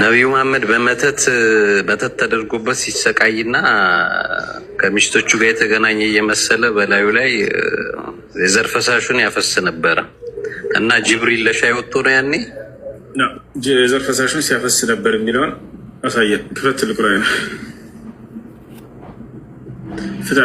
ነቢዩ መሐመድ በመተት መተት ተደርጎበት ሲሰቃይና ከሚስቶቹ ጋር የተገናኘ እየመሰለ በላዩ ላይ የዘር ፈሳሹን ያፈስ ነበረ እና ጅብሪል ለሻይ ወጥቶ ነው ያኔ የዘር ፈሳሹን ሲያፈስ ነበር የሚለውን አሳየን። ክፍት ትልቁ ላይ ነው ፍታ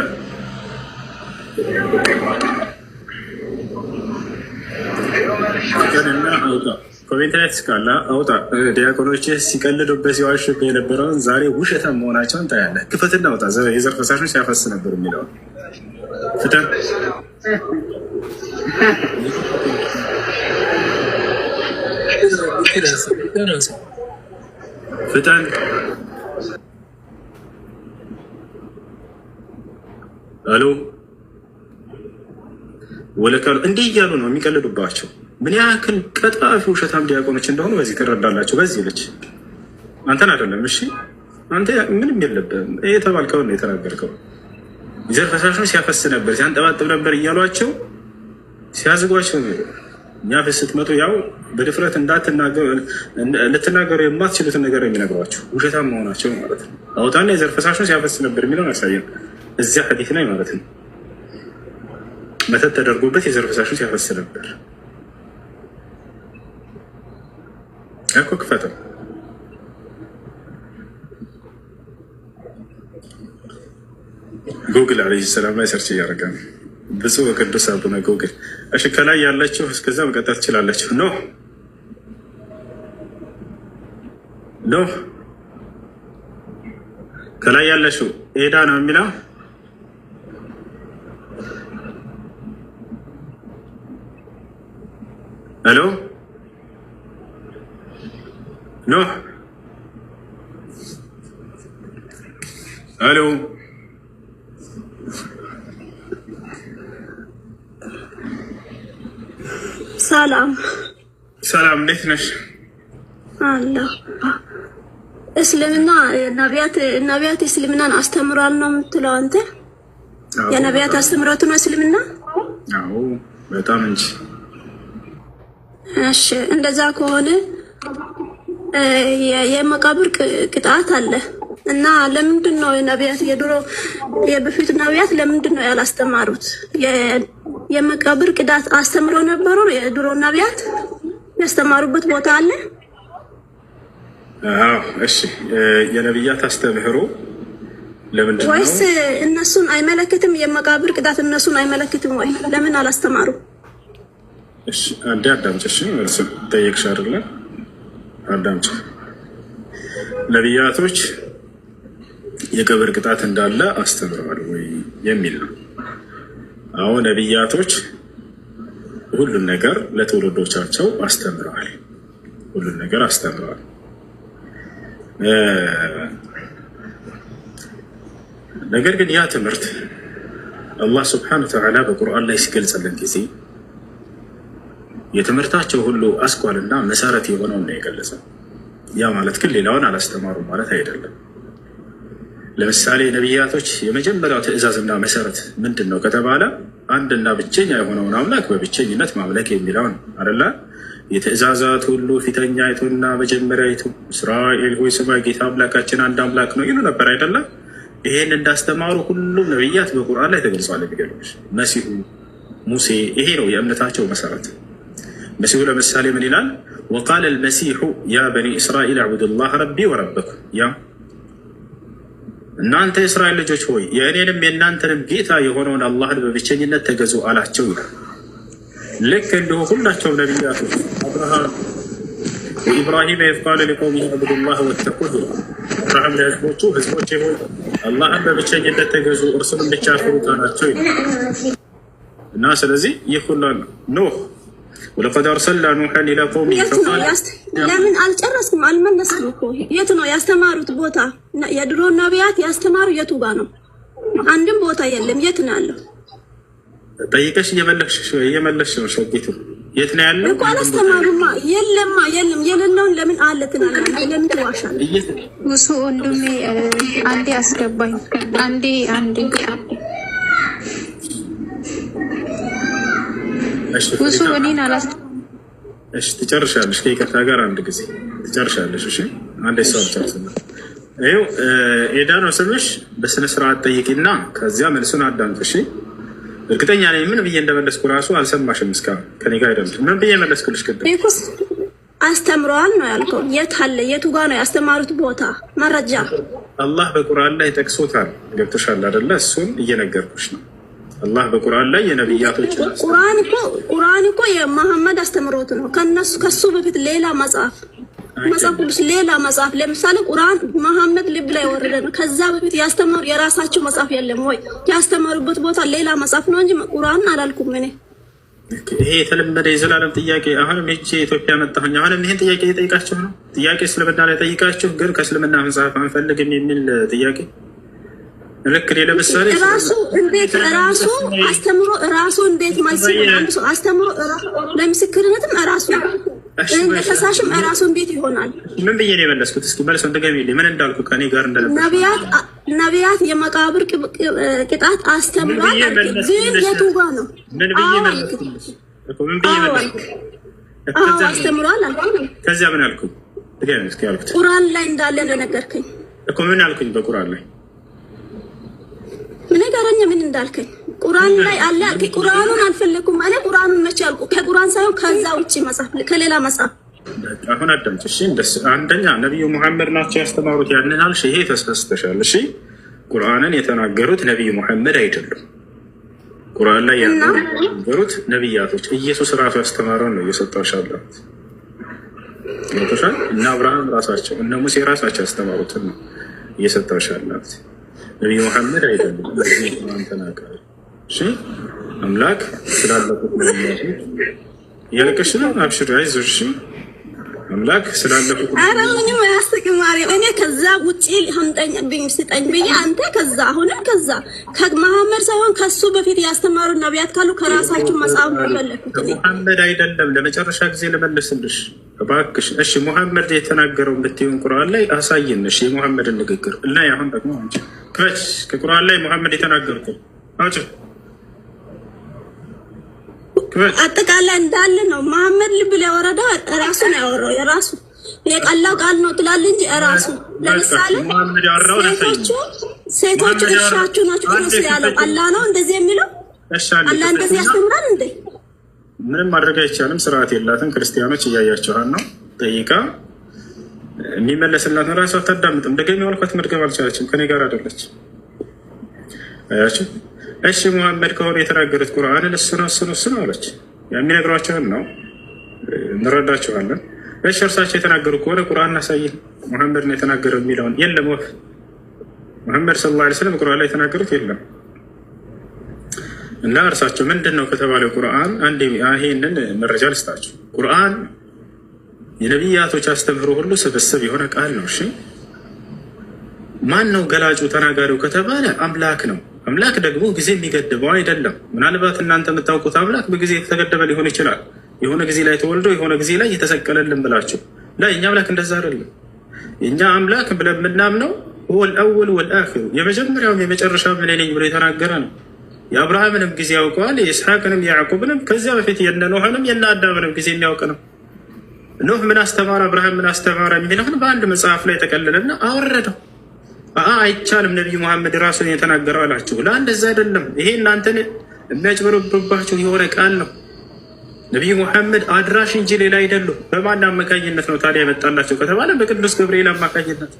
እና አውጣ ኮሜንት ላይ ትስቃላ አውጣ። ዲያቆኖች ሲቀልዱበት ሲዋሽብ የነበረውን ዛሬ ውሸታም መሆናቸውን ታያለህ። ክፈትና አውጣ። የዘር ፈሳሾች ሲያፈስ ነበር የሚለውን ፍጠር። ፍጠን አሉ ወለካሉ እንዲህ እያሉ ነው የሚቀልዱባቸው ምን ያክል ቀጣፊ ውሸታም ዲያቆኖች እንደሆኑ በዚህ ትረዳላቸው በዚህ ልጅ አንተን አይደለም። እሺ አንተ ምንም የለብህም። የተባልከው ነው የተናገርከው። ዘር ሲያፈስ ነበር፣ ሲያንጠባጥብ ነበር እያሏቸው ሲያዝጓቸው እኛ ስትመጡ ያው በድፍረት ልትናገሩ የማትችሉትን ነገር የሚነግሯቸው ውሸታም መሆናቸው ማለት ነው። አውጣና የዘር ፈሳሹን ሲያፈስ ነበር የሚለውን ያሳየን እዚያ ሐዲስ ላይ ማለት ነው። መተት ተደርጎበት የዘር ፈሳሹን ሲያፈስ ነበር እኮ ክፈተው። ጉግል አለይሂ ሰላም ላይ ሰርች እያደረገ ነው። ብፁዕ በቅዱስ አቡነ ጉግል። እሺ ከላይ ያለችው እስከዛ መቀጠል ትችላለችው። ኖ ኖ ከላይ ያለችው ኤዳ ነው የሚለው ሄሎ ኖህ ሄሎ ሰላም ሰላም፣ እንዴት ነሽ? አለ እስልምና ነቢያት ነቢያት እስልምናን አስተምሯል ነው የምትለው አንተ? የነቢያት አስተምሮት ነው እስልምና? አዎ በጣም እንጂ። እሺ እንደዛ ከሆነ የመቃብር ቅጣት አለ እና ለምንድን ነው ነቢያት የድሮ የበፊት ነቢያት ለምንድን ነው ያላስተማሩት? የመቃብር ቅጣት አስተምሮ ነበሩ የድሮ ነቢያት ያስተማሩበት ቦታ አለ። እሺ የነቢያት አስተምህሮ ለምንድን ነው ወይስ እነሱን አይመለክትም? የመቃብር ቅጣት እነሱን አይመለክትም ወይ? ለምን አላስተማሩ? እሺ አንዴ አዳምጪ። እሺ ጠየቅሽ አይደለም አዳምጡ። ነቢያቶች የቀብር ቅጣት እንዳለ አስተምረዋል ወይ የሚል ነው። አሁን ነቢያቶች ሁሉን ነገር ለትውልዶቻቸው አስተምረዋል። ሁሉን ነገር አስተምረዋል። ነገር ግን ያ ትምህርት አላህ ስብሐነ ወተዓላ በቁርአን ላይ ሲገልጽልን ጊዜ የትምህርታቸው ሁሉ አስኳልና መሰረት የሆነውን ነው የገለጸው። ያ ማለት ግን ሌላውን አላስተማሩም ማለት አይደለም። ለምሳሌ ነቢያቶች የመጀመሪያው ትዕዛዝና መሰረት ምንድን ነው ከተባለ አንድና ብቸኛ የሆነውን አምላክ በብቸኝነት ማምለክ የሚለውን አለ። የትዕዛዛት ሁሉ መጀመሪያ ይቱ እስራኤል ሆይ ስማ ጌታ አምላካችን አንድ አምላክ ነው ይሉ ነበር አይደለም። ይሄን እንዳስተማሩ ሁሉም ነቢያት በቁርአን ላይ ተገልጿል። የሚገርምሽ መሲሁ ሙሴ ይሄ ነው የእምነታቸው መሰረት። መሲሁ ለምሳሌ ምን ይላል? ወቃለ ልመሲሑ ያ በኒ እስራኤል አዕቡዱላህ ረቢ ወረበኩም። ያ እናንተ የእስራኤል ልጆች ሆይ የእኔንም የእናንተንም ጌታ የሆነውን አላህን በብቸኝነት ተገዙ አላቸው ይላል። ልክ እንዲሁ ሁላቸውም ነቢያቶች አብርሃም ኢብራሂም የፍቃለ ሊቆሚ አብዱላህ ወተቁሁ አብርሃም ለህዝቦቹ ህዝቦች ሆይ አላህን በብቸኝነት ተገዙ እርሱንም ብቻ ፍሩት አላቸው ይላል እና ስለዚህ ይህ ሁላ ኖህ ወለቀድ አርሰልና ኑሐን ኢላ ቆሚ ለምን አልጨረስኩም? አልመለስም እኮ የቱ ነው ያስተማሩት ቦታ? የድሮ ነቢያት ያስተማሩ የቱ ጋ ነው? አንድም ቦታ የለም። የት ነው ያለው? ጠይቀሽ እየመለስሽ ነው። ሸጌቱ የት ነው ያለው እኮ አላስተማሩማ። የለማ የለም። የሌለውን ለምን አለ ትላለህ? ለምን ትዋሻለህ? እሱ ወንድሜ አንዴ አስገባኝ አንዴ አንዴ እሱ እኔን አላስ እሺ ትጨርሻለሽ። ከይቅርታ ጋር አንድ ጊዜ ትጨርሻለሽ። እሺ አንድ ሰው ትጨርስና ይኸው ኤዳ ነው ስምሽ። በስነ ስርዓት ጠይቂና ከዚያ መልሱን አዳምጥ። እሺ እርግጠኛ ነኝ ምን ብዬ እንደመለስኩ ራሱ አልሰማሽም። እስካ ከኔ ጋር አይደለም። ምን ብዬ መለስኩልሽ? ቅድም አስተምረዋል ነው ያልከው። የት አለ? የቱ ጋር ነው ያስተማሩት ቦታ መረጃ? አላህ በቁርአን ላይ ጠቅሶታል። ገብቶሻል አይደለ? እሱን እየነገርኩሽ ነው አላህ በቁርአን ላይ የነብያቶች ቁርአን እኮ ቁርአን እኮ የመሐመድ አስተምሮት ነው። ከነሱ ከሱ በፊት ሌላ መጽሐፍ መጽሐፍ ቅዱስ ሌላ መጽሐፍ ለምሳሌ ቁርአን መሐመድ ልብ ላይ ወረደ ነው። ከዛ በፊት ያስተማሩ የራሳቸው መጽሐፍ የለም ወይ? ያስተማሩበት ቦታ ሌላ መጽሐፍ ነው እንጂ ቁርአን አላልኩም እኔ። ይሄ የተለመደ የዘላለም ጥያቄ አሁንም ይቺ ኢትዮጵያ መጣሁኝ። አሁንም ይህን ጥያቄ እየጠይቃቸው ነው። ጥያቄ እስልምና ላይ ጠይቃችሁ ግን ከእስልምና መጽሐፍ አንፈልግም የሚል ጥያቄ ልክ እኔ ለምሳሌ ራሱ እንዴት ራሱ አስተምሮ ራሱ እንዴት መልስ አንድ ሰው አስተምሮ ለምስክርነትም ራሱ ለፈሳሽም ራሱ እንዴት ይሆናል? ምን ብዬ ነው የመለስኩት? እስኪ እንደገሚ ንደገሚልኝ ምን እንዳልኩ ከኔ ጋር እንደነበረ ነቢያት የመቃብር ቅጣት አስተምሯል። ግን የቱ ጋ ነው? ምን ብዬ መለስኩት? አስተምሯል አልኩ። ከዚያ ምን አልኩ? ቁርአን ላይ እንዳለ እንደነገርከኝ እኮ ምን አልኩኝ? በቁርአን ላይ ምን ነገረኝ? ምን እንዳልከኝ ቁርአን ላይ አለ አልከኝ። ቁርአኑን አልፈለኩም አለ። ቁርአኑን መቼ አልኩ? ከቁርአን ሳይሆን ከዛ ውጪ መጽሐፍ፣ ከሌላ መጽሐፍ። አሁን አዳምጪ እሺ። እንደስ አንደኛ ነቢዩ መሐመድ ናቸው ያስተማሩት ያንን አልሽ። ይሄ ተሳስተሻል። እሺ፣ ቁርአንን የተናገሩት ነቢዩ መሐመድ አይደሉም። ቁርአን ላይ ያሉት ነቢያቶች ኢየሱስ ራሱ ያስተማረው ነው እየሰጣሽ አላት ሻል። እነ አብርሃም ራሳቸው እነ ሙሴ ራሳቸው ያስተማሩትን ነው እየሰጣሽ አላት እኔ መሐመድ አይደለም። ቁርአን እሺ አምላክ ስላለፉት ነቢያቶች እያለቀሽ ነው። አብሽር አይዞሽ። አምላክ ስላለፉ አረ ምንም አያስቅም። ማርያም እኔ ከዛ ውጪ ሀምጠኝ ብኝ ስጠኝ ብዬ አንተ ከዛ አሁንም ከዛ ከመሐመድ ሳይሆን ከሱ በፊት ያስተማሩ ነቢያት ካሉ ከራሳችሁ መጽሐፍ ፈለኩት። ሙሐመድ አይደለም ለመጨረሻ ጊዜ ልመልስልሽ እባክሽ። እሺ ሙሐመድ የተናገረው ብትሆን ቁርአን ላይ አሳይንሽ የሙሐመድን ንግግር እና አሁን ደግሞ አንቺ ክፈች ከቁርአን ላይ ሙሐመድ የተናገሩትን አውጭ አጠቃላይ እንዳለ ነው። መሀመድ ልብ ላይ ወረዳ ራሱ ነው ያወራው። የራሱ የቀላ ቃል ነው ትላለ እንጂ ራሱ ለምሳሌ ሴቶቹ ሴቶቹ እርሻችሁ ናቸው እነሱ ያለው አላ ነው እንደዚህ የሚለው አላ እንደዚህ ያስተምራል እንዴ? ምንም ማድረግ አይቻልም። ስርዓት የላትም። ክርስቲያኖች እያያቸዋል ነው ጠይቃ የሚመለስላትን ራሱ አታዳምጥም። ደገሚ ያልኳት መድገም አልቻለችም። ከኔ ጋር አደለች። አያቸው እሺ ሙሐመድ ከሆነ የተናገሩት ቁርአንን ነው እሱን ነው አለች። የሚነግሯቸውን ነው እንረዳቸዋለን። እሺ እርሳቸው የተናገሩ ከሆነ ቁርአን እናሳይህ ሙሐመድ ነው የተናገረው የሚለውን የለም ወፍ ሙሐመድ ሰለላሁ ዐለይሂ ወሰለም ቁርአን ላይ የተናገሩት የለም። እና እርሳቸው ምንድን ነው ከተባለው ቁርአን አንድ ይሄንን መረጃ ልስጣቸው። ቁርአን የነቢያቶች አስተምህሮ ሁሉ ስብስብ የሆነ ቃል ነው። እሺ ማን ነው ገላጩ ተናጋሪው ከተባለ አምላክ ነው። አምላክ ደግሞ ጊዜ የሚገድበው አይደለም። ምናልባት እናንተ የምታውቁት አምላክ በጊዜ የተገደበ ሊሆን ይችላል። የሆነ ጊዜ ላይ ተወልዶ የሆነ ጊዜ ላይ የተሰቀለልን ብላችሁ ላይ የኛ አምላክ እንደዛ አይደለም። የእኛ አምላክ ብለን የምናምነው ወልአወል ወልአክሩ የመጀመሪያውም የመጨረሻ እኔ ነኝ ብሎ የተናገረ ነው። የአብርሃምንም ጊዜ ያውቀዋል፣ የኢስሐቅንም የያዕቁብንም፣ ከዚያ በፊት የነ ኖህንም የነ አዳምንም ጊዜ የሚያውቅ ነው። ኖህ ምን አስተማረ፣ አብርሃም ምን አስተማረ የሚለውን በአንድ መጽሐፍ ላይ ጠቀልልና አወረደው። አይቻልም፣ ነቢዩ መሐመድ ራሱን የተናገረው አላችሁ። ላ እንደዛ አይደለም። ይሄ እናንተን የሚያጭበረብባችሁ የሆነ ቃል ነው። ነቢዩ መሐመድ አድራሽ እንጂ ሌላ አይደሉም። በማን አማካኝነት ነው ታዲያ የመጣላቸው ከተባለ በቅዱስ ገብርኤል አማካኝነት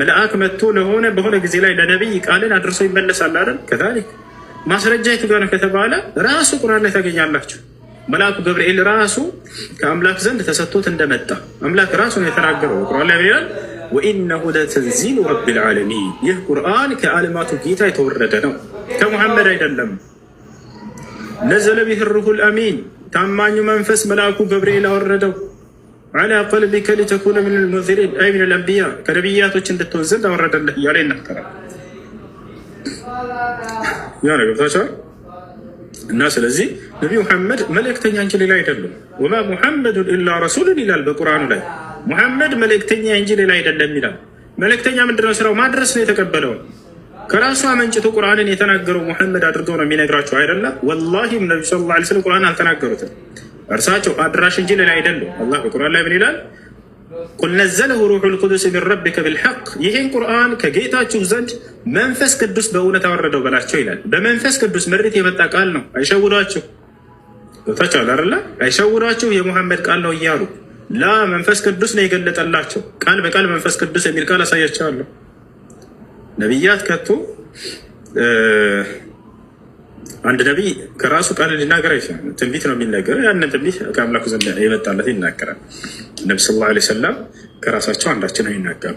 መልአክ መጥቶ ለሆነ በሆነ ጊዜ ላይ ለነቢይ ቃልን አድርሶ ይመለሳል አይደል? ከታሪክ ማስረጃ የቱ ጋር ነው ከተባለ ራሱ ቁርአን ላይ ታገኛላችሁ። መልአኩ ገብርኤል ራሱ ከአምላክ ዘንድ ተሰጥቶት እንደመጣ አምላክ ራሱን የተናገረው ቁርአን ላይ ወኢነሁ ለተንዚሉ ረቢል ዓለሚን። ይህ ቁርአን ከዓለማቱ ጌታ የተወረደ ነው፣ ከሙሐመድ አይደለም። ነዘለ ቢህ ሩሁል አሚን፣ ታማኙ መንፈስ መልአኩ ገብርኤል አወረደው። ዓላ ቀልቢከ ሊተኩነ ምን ልሙንዚሪን አይ ምን ልአንቢያ፣ ከነቢያቶች እንድትሆን ዘንድ አወረደልህ እያለ ይናገራል። ያ ነው እና ስለዚህ ነቢ ሙሐመድ መልእክተኛ እንጂ ሌላ አይደሉም። ወማ ሙሐመዱን ኢላ ረሱሉን ይላል በቁርአኑ ላይ ሙሐመድ መልእክተኛ እንጂ ሌላ አይደለም ይላል። መልእክተኛ ምንድነው ስራው? ማድረስ ነው የተቀበለው። ከራሱ አመንጭቶ ቁርአንን የተናገረው ሙሐመድ አድርገው ነው የሚነግራቸው አይደለም። ወላሂም ነቢ ስ ላ ስለም ቁርአን አልተናገሩትም እርሳቸው አድራሽ እንጂ ሌላ አይደለም። አላ በቁርአን ላይ ምን ይላል? ቁል ነዘለሁ ሩሑ ቁዱስ ምን ረቢከ ብልሐቅ፣ ይህን ቁርአን ከጌታችሁ ዘንድ መንፈስ ቅዱስ በእውነት አወረደው በላቸው ይላል። በመንፈስ ቅዱስ ምሪት የመጣ ቃል ነው፣ አይሸውዳችሁ። ታቸዋል አይሸውዳችሁ፣ የሙሐመድ ቃል ነው እያሉ ላ መንፈስ ቅዱስ ነው የገለጠላቸው። ቃል በቃል መንፈስ ቅዱስ የሚል ቃል አሳያቸዋለሁ። ነቢያት ከቶ አንድ ነቢይ ከራሱ ቃል ሊናገር አይችልም። ትንቢት ነው የሚናገር። ያንን ትንቢት ከአምላኩ ዘንድ የመጣለት ይናገራል። ነቢ ስ ላ ሰላም ከራሳቸው አንዳችን ነው ይናገሩ።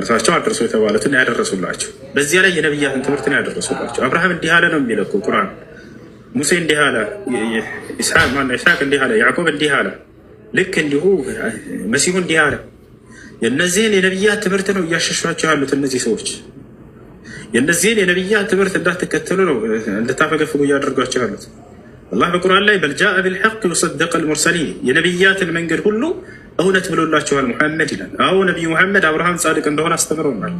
እርሳቸው አድርሶ የተባሉትን ያደረሱላቸው፣ በዚያ ላይ የነቢያትን ትምህርትን ያደረሱላቸው። አብርሃም እንዲህ አለ ነው የሚለው ቁርአን። ሙሴ እንዲህ አለ፣ ይስሐቅ እንዲህ አለ፣ ያዕቆብ እንዲህ አለ ልክ እንዲሁ መሲሁ እንዲህ አለ። የእነዚህን የነቢያት ትምህርት ነው እያሸሿቸው ያሉት እነዚህ ሰዎች። የነዚህን የነቢያት ትምህርት እንዳትከተሉ ነው እንድታፈገፍጉ እያደርጓቸው ያሉት። አላህ በቁርአን ላይ በልጃ ብልሐቅ ወሰደቀ ልሙርሰሊን የነቢያትን መንገድ ሁሉ እውነት ብሎላቸዋል ሙሐመድ ይላል። አዎ ነቢዩ ሙሐመድ አብርሃም ጻድቅ እንደሆነ አስተምረውናል።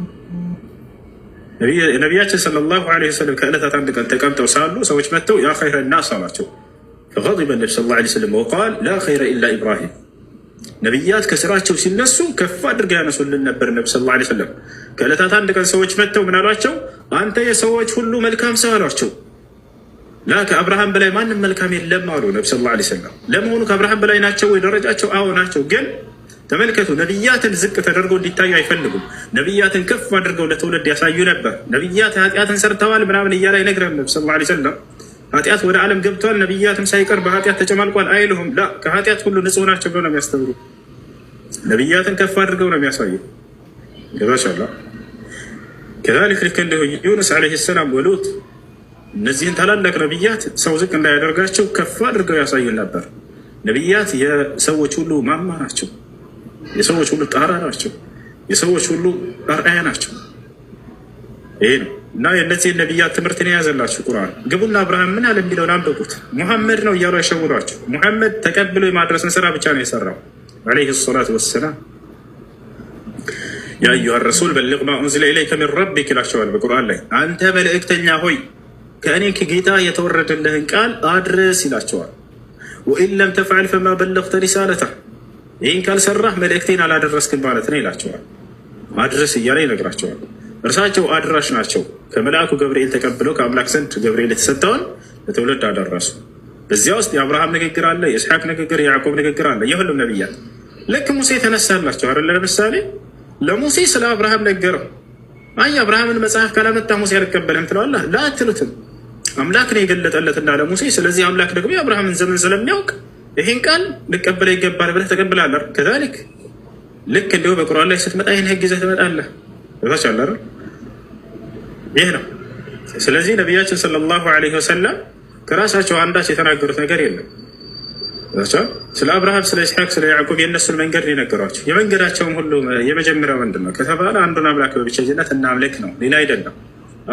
ነቢያችን ሰለላሁ ዐለይሂ ወሰለም ከዕለታት አንድ ቀን ተቀምጠው ሳሉ ሰዎች መጥተው ያ ኸይረ ናስ አሏቸው غضب ነቢ ስ ላ ስለም ወቃል ላ ኸይረ ኢላ ኢብራሂም ነቢያት ከስራቸው ሲነሱ ከፍ አድርገው ያነሱልን ነበር። ነብ ስ ላ ስለም ከዕለታት አንድ ቀን ሰዎች መጥተው ምን አሏቸው? አንተ የሰዎች ሁሉ መልካም ሰው አሏቸው። ላ ከአብርሃም በላይ ማንም መልካም የለም አሉ ነቢ ስ ላ ስለም። ለመሆኑ ከአብርሃም በላይ ናቸው ወይ ደረጃቸው? አዎ ናቸው። ግን ተመልከቱ፣ ነቢያትን ዝቅ ተደርገው እንዲታዩ አይፈልጉም። ነቢያትን ከፍ አድርገው ለትውልድ ያሳዩ ነበር። ነቢያት ኃጢአትን ሰርተዋል ምናምን እያለ አይነግረም ነቢ ስ ላ ስለም ኃጢአት ወደ ዓለም ገብቷል፣ ነቢያትም ሳይቀር በኃጢአት ተጨማልቋል አይልሁም። ላ ከኃጢአት ሁሉ ንጹህ ናቸው ብለው ነው የሚያስተምሩ። ነቢያትን ከፍ አድርገው ነው የሚያሳዩ። ገባሻላ ከዛሊክ ልክ እንዲሁ ዩኑስ ዓለይሂ ሰላም ወሉት እነዚህን ታላላቅ ነቢያት ሰው ዝቅ እንዳያደርጋቸው ከፍ አድርገው ያሳዩ ነበር። ነቢያት የሰዎች ሁሉ ማማ ናቸው። የሰዎች ሁሉ ጣራ ናቸው። የሰዎች ሁሉ አርአያ ናቸው። ይሄ ነው እና የእነዚህ ነቢያት ትምህርትን የያዘላችሁ ቁርአን ግቡና አብርሃም ምን አለ የሚለውን አንብቡት። ሙሐመድ ነው እያሉ ያሸውሯቸው። ሙሐመድ ተቀብሎ የማድረስን ስራ ብቻ ነው የሰራው ዓለይሂ ሰላቱ ወሰላም። ያ አዩሃ ረሱል በልቅ ማ ኡንዚለ ኢለይከ ሚን ረቢክ ይላቸዋል በቁርአን ላይ። አንተ መልእክተኛ ሆይ ከእኔ ከጌታ የተወረደልህን ቃል አድርስ ይላቸዋል። ወኢን ለም ተፍዓል ፈማ በለቅተ ሪሳለታ፣ ይህን ካልሰራህ መልእክቴን አላደረስክም ማለት ነው ይላቸዋል። አድርስ እያለ ይነግራቸዋል። እርሳቸው አድራሽ ናቸው። ከመልአኩ ገብርኤል ተቀብለው ከአምላክ ዘንድ ገብርኤል የተሰጠውን ለትውልድ አደረሱ። በዚያ ውስጥ የአብርሃም ንግግር አለ፣ የእስሐቅ ንግግር፣ የያዕቆብ ንግግር አለ። የሁሉም ነቢያት ልክ ሙሴ ተነሳላቸው አለ። ለምሳሌ ለሙሴ ስለ አብርሃም ነገረው። አይ አብርሃምን መጽሐፍ ካላመጣ ሙሴ አልቀበልህም ትለዋለህ። ላ አትሉትም። አምላክ ነው የገለጠለትና ለሙሴ። ስለዚህ አምላክ ደግሞ የአብርሃምን ዘመን ስለሚያውቅ ይህን ቃል ልቀበለ ይገባል ብለህ ተቀብላለህ። ከዛሊክ ልክ እንዲሁ በቁርአን ላይ ስትመጣ ይህን ህግ ይዘህ ትመጣለህ። ይህ ነው። ስለዚህ ነቢያችን ሰለላሁ ዐለይሂ ወሰለም ከራሳቸው አንዳች የተናገሩት ነገር የለም። ስለ አብርሃም፣ ስለ ኢስሐቅ፣ ስለ ያዕቁብ የእነሱን መንገድ የነገሯቸው የመንገዳቸውም ሁሉ የመጀመሪያው ምንድን ነው ከተባለ አንዱን አምላክ በብቸኝነት እናምልክ ነው፣ ሌላ አይደለም።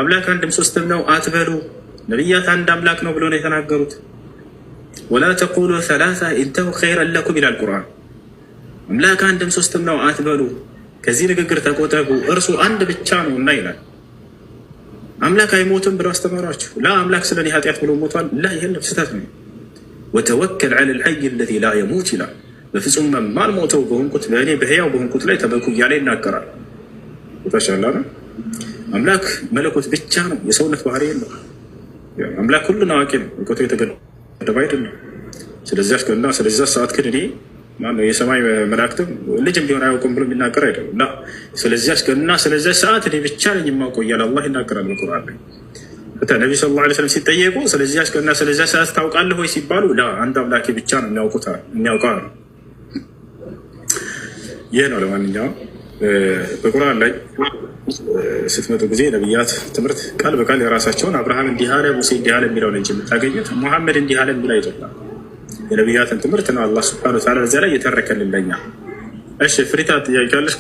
አምላክ አንድም ሶስትም ነው አትበሉ። ነቢያት አንድ አምላክ ነው ብሎ ነው የተናገሩት። ወላ ተቁሉ ሰላሳ ኢንተሁ ኸይረን ለኩም ይላል ቁርአን። አምላክ አንድም ሶስትም ነው አትበሉ፣ ከዚህ ንግግር ተቆጠቡ፣ እርሱ አንድ ብቻ ነው እና ይላል። አምላክ አይሞትም ብለው አስተማሯቸው። ላ አምላክ ስለ እኔ ኃጢአት ብሎ ሞቷል። ላ ይህን ስህተት ነው። ወተወከል ዐለ ልሐይ ለዚ ላ የሙት ይላል። በፍጹም የማልሞተው በሆንኩት በእኔ በህያው በሆንኩት ላይ ተበኩ እያለ ይናገራል። ታሻላ ነው። አምላክ መለኮት ብቻ ነው። የሰውነት ባህሪ የለው። አምላክ ሁሉን አዋቂ ነው። እውቀቱ የተገደበ አይደለም። ስለዚያች ስለዚያ ሰዓት ግን እኔ ማነው የሰማይ መላእክትም ልጅም ሊሆን አያውቁም ብሎ የሚናገር አይደለም። እና ስለዚያ ሰዓት እኔ ብቻ ነኝ የማውቀው እያለ አላህ ይናገራል ቁርአን። ነቢ ስ ላ ስለም ሲጠየቁ ስለዚያ ቀንና ስለዚያ ሰዓት ታውቃለህ ወይ ሲባሉ አንድ አምላኬ ብቻ ነው የሚያውቀው ነው። ይህ ነው ለማንኛውም በቁርአን ላይ ስትመጡ ጊዜ ነቢያት ትምህርት ቃል በቃል የራሳቸውን አብርሃም እንዲህ አለ፣ ሙሴ እንዲህ አለ የሚለውን እንጂ የምታገኙት ሙሐመድ እንዲህ አለ የሚለው አይደለም። የነቢያትን ትምህርት ነው አላህ ስብሐነሁ ወተዓላ እዚያ ላይ የተረከልን ለኛ። እሺ ፍሪታ ጥያቄ አለሽ?